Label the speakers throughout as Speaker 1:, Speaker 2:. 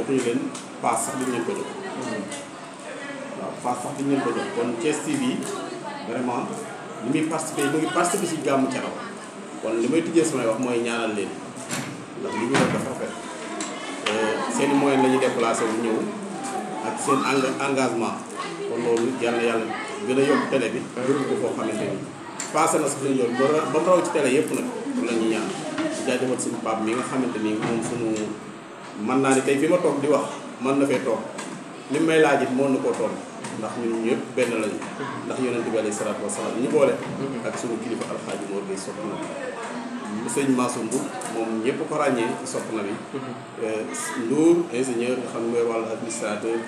Speaker 1: joxuñu leen paas sax dañu leen ko sax dañu leen ko jox kon Thiès vraiment li muy participer mu ngi participer si gàmmu Caraw kon li may tijjee samay wax mooy ñaanal leen ndax li ñu dafa rafet euh, seen i moyen la ñuy déplacé wu ñëw ak seen engagement kon loolu yàlla yàlla gën a yokk télé bi yóbbu ko foo xamante ni passé na sax lañu yoon ba ba raw ci télé yëpp nag la ñuy ñaan jaajëfal suñu pap mi nga xamante ni moom suñu man naa ni tey fi ma toog di wax man na fee toog li may laaj it mën na koo toll ndax ñun ñëpp benn lañu ndax yonent bi alayhi salaatu wasalaam ñu boole mhm. ak suñu kilifa alxaaji Mor Gueye soxna bi sëñ Massoum bu moom ñëpp ko ràññee na bi mhm. euh, Ndour ingénieur nga xam mooy wàllu administrateur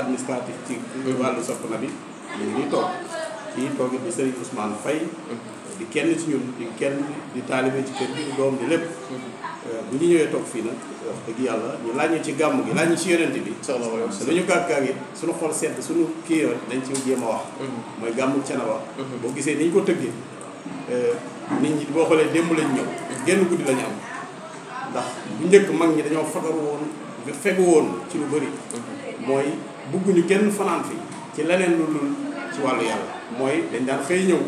Speaker 1: administratif ci wàllu soxna bi ñu ngi toog kii toog it di Serigne Ousmane Faye mhm. di kenn ci ñun di kenn di taalibe ci kër bi di doom di lépp euh, bu ñu ñëwee toog fii nag wax dëgg yàlla ñu laaj ñu ci gàmm gi laaj ñu ci yonente bi lu ñu gàgg-gàgg yi suñu xool sedd suñu kii yoon dañ ci jéem a wax mhm. mooy gàmmu Thiénaba mhm. boo gisee ni ñu ko tëggee eh, nit boo xoolee démb lañ ñëw genn guddi lañu am ndax bu njëkk mag ñi dañoo fagaru woon fegu woon ci lu bëri mhm. mooy bugguñu kenn fanaan fi ci leneen lu dul ci wàllu yàlla mooy dañ daan xëy ñëw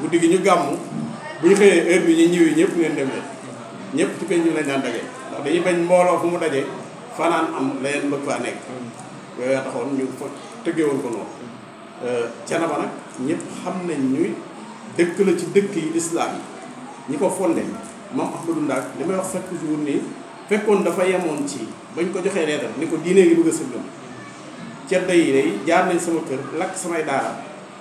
Speaker 1: guddi gi ñu gàmm bu ñu xëyee heure bi ñuy ñëwee ñëpp ngeen dem leen ñëpp ci penc ñu lañ daan dagee ndax dañuy bañ mbooloo fu mu dajee fanaan am leneen bëgg faa nekk yooyu taxoon ñu fa tëggeewul ko noonu Thiénaba nag ñëpp xam nañ ñuy dëkk la ci dëkk yi lislaam yi ñi ko fonde maam Ahmadou Ndaak li may wax chaque jour nii fekkoon dafa yemoon ci bañ ko joxee reetal ni ko diine ngi bëgg a sëggam ceddo yi day jaar nañ sama kër lakk samay daara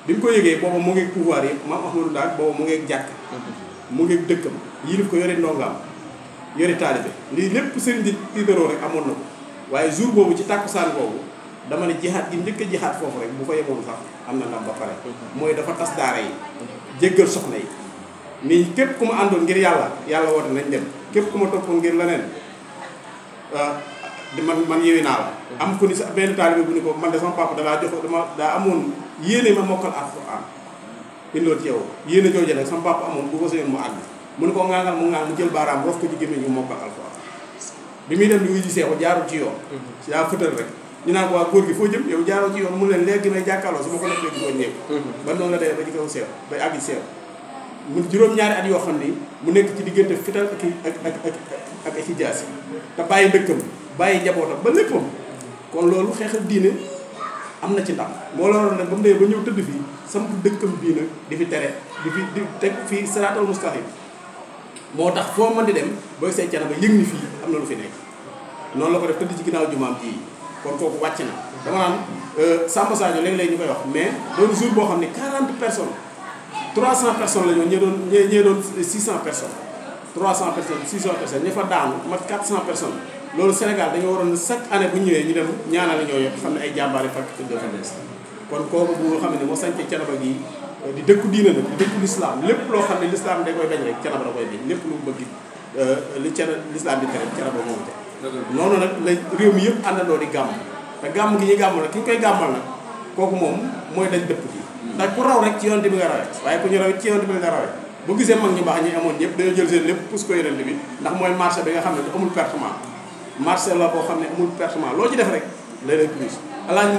Speaker 1: bi mu ko yëgee booba mu ngeeg pouvoir yi maam Ahmadou Ndaak booba mu ngeeg jàkk mu ngeeg dëkkam yilif ko yore ndongaam yori taalibe lii lépp sëriñ di tiitaroo rek amoon na ko waaye jour boobu ci tàkkusaan boobu dama ne jihaat gi njëkk a jihaat foofu rek bu fa yemoon sax am na ndam ba pare mooy dafa tas daara yi jéggal soxna yi ni képp ku ma àndoon ngir yàlla yàlla woote nañ dem képp ku ma toppoon ngir leneen ah, man man yéwi naa am ku ni sa benn taalibe bu ni ko man de sama papa dalaa jox dama daa amoon yéene ma mokkal alxuraan indoo ci yow yéene jooju nag amoon bu ko seen mu ne ko ŋaaŋal mu ŋaaŋ mu jël baaraam rof ko ci gémmiñ mu mokkal alxuraan bi muy dem di wuyu seexu jaarul ci yoon mhm. si daa fëtal rek ñu naan ko waa góor gi foo jëm yow jaaroo ci yoon mu léegi may jàkkaarloo su ma ko def dee ba ci kaw ñaari at yoo xam ni mu nekk ci diggante fital ak ak ak ak ak xijaas yi te bàyyi dëkkam bàyyi njabootam ba léppam kon loolu xeexal diine am na ci ndam moo la waroon nag ba mu dee ba ñëw tëdd fii samp dëkkam bii nag di fi tere di fi di teg fii siraatal mustaqim moo tax foo mën di dem booy seet Thiénaba yëg ni fii am na lu fi nekk noonu la ko def tëdd ci ginnaaw jumaam ji kon kooku wàcc na dama naan euh, Samba Sadio léeg-léeg ñu koy wax mais doon jour boo xam ne 40 personnes 300 personnes la ñoon ñee doon ñee fa daanu mat 400 personnes loolu Sénégal dañoo waroon chaque année bu ñëwee ñu dem ñaanal ñoo yëpp xam ne ay jàmbaari fakk tëdd fa des kon kooku bu nga xam ne moo sañc Thiénaba gi Euh, di dëkku diine nag di dëkku lislaam lépp loo xam ne lislaam day koy bañ rek canaba da koy bañ lépp lu mu bëgg euh, li cana lislaam di tere canaba moom te noonu nag la réew mi yëpp àndandoo di gàmm te gàmm gi ñuy gàmm nag ki ñu koy gàmmal nag kooku moom mooy dañ dëpp gi hmm. ndax ku raw rek ci yonte bi nga rawee waaye ku ñu rawee ci yonte bi nga rawee bu gisee mag ñu baax ñu amoon ñëpp dañoo jël seen lépp pousse ko yonent bi ndax mooy marché bi nga xam ne amul pertement la boo xam ne amul pertement loo ci def rek lay lay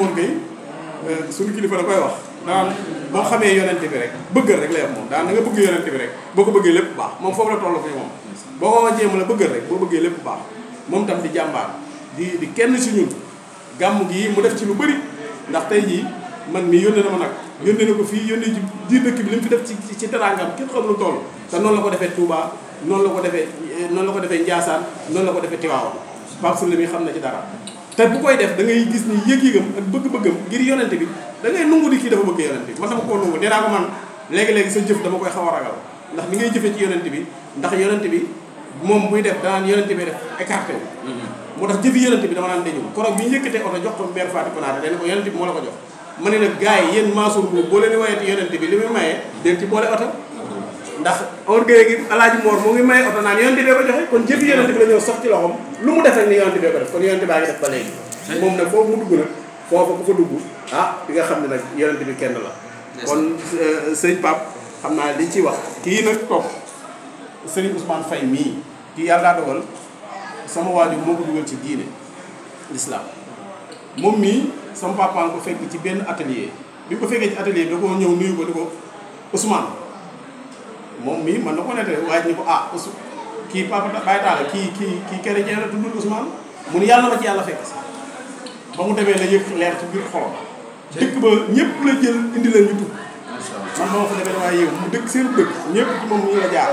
Speaker 1: euh, kilifa da koy wax maanaam boo xamee yonente bi rek bëggal rek lay wax moom daan na nga bëgg yonente bi rek boo ko bëggee lépp baax moom foofu la toll fi moom boo ko jéem la bëggal rek boo bëggee lépp baax moom tam di jàmbaar di di kenn si ñun gàmm gii mu def ci lu bëri ndax tey jii man mi yónnee na ma nag yónnee na ko fii yónnee ci biir dëkk bi li mu fi def ci ci teraangam kenn xam lu toll te noonu la ko defee Touba noonu la ko defee eh, noonu la ko defee Ndiassane noonu la ko defee Tivaouane Pape xam na ci dara te bu koy def da ngay gis ni yëg-yëgam ak bëgg-bëggam ngir yonente bi da ngay nungu di kii dafa bëgg yonent bi man dama koo nungu nee ko man léegi-léegi sa jëf dama koy xaw ndax ni ngay jëfee ci yonent bi ndax yonent bi moom def danaan yonent bi def écarté wu moo tax jëfi yonent bi ko mère ko yonent bi moo la ko jox ma ne nag gars yi yéen Mansour boobu boo leen di wayeti bi li muy maye den ci boole oto ndax or gay gi alaaji moor moo ngi maye oto naan yonent bee ko joxe kon jëfi yonent bi la sox ci loxoom lu mu def rek ni yonent bee ko def kon yonent baa ngi def ba léegi moom foofa ku fa dugg ah di nga xam ne nag di bi kenn la kon euh, sëñ Pape xam naa li ciy wax kii nag toog sëriñ Ousmane Faye mii kii yàlla daa dogal sama waajur moo ko dugal ci diine l'islam moom mii sama papa ko fekk ci benn atelier bi ko fekkee ci atelier da ko ñëw nuyu ko di ko Ousmane moom mii man na ko nete waaye ni ko ah Ous kii papa Baye Talla kii kii kii keneen la tuddul Ousmane mun yàlla ma ci yàlla fekk sax ba mu demee la yëpp leer ci biir xolam dëkk ba ñëpp la jël indi leen ñu tukk man moo fa demee waaye yow mu dëkk seen dëkk ñëpp ci moom ñu la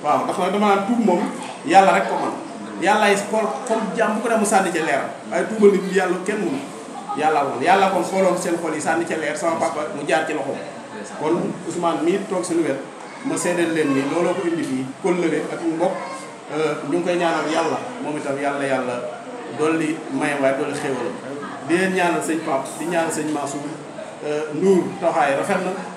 Speaker 1: waaw ndax nag dama naan moom yàlla rek ko man yàllaay xool xol jàmm bu ko dem mu sànni ca leeram waaye tuubal nit kenn mënu yàlla woon yàlla kon xooloon seen xol yi sànni ca leer sama papa mu jaar ci loxoom kon Ousmane mii toog suñu wet ma seedeel leen ni looloo ko indi fii kóllëre ak mbokk euh, ñu ngi koy ñaanal yàlla moom itam yàlla yàlla dolli may waaye dolli xéewal di leen ñaanal sëñ Pape di ñaanal sëñ Mansour euh, Ndour taxaay rafet na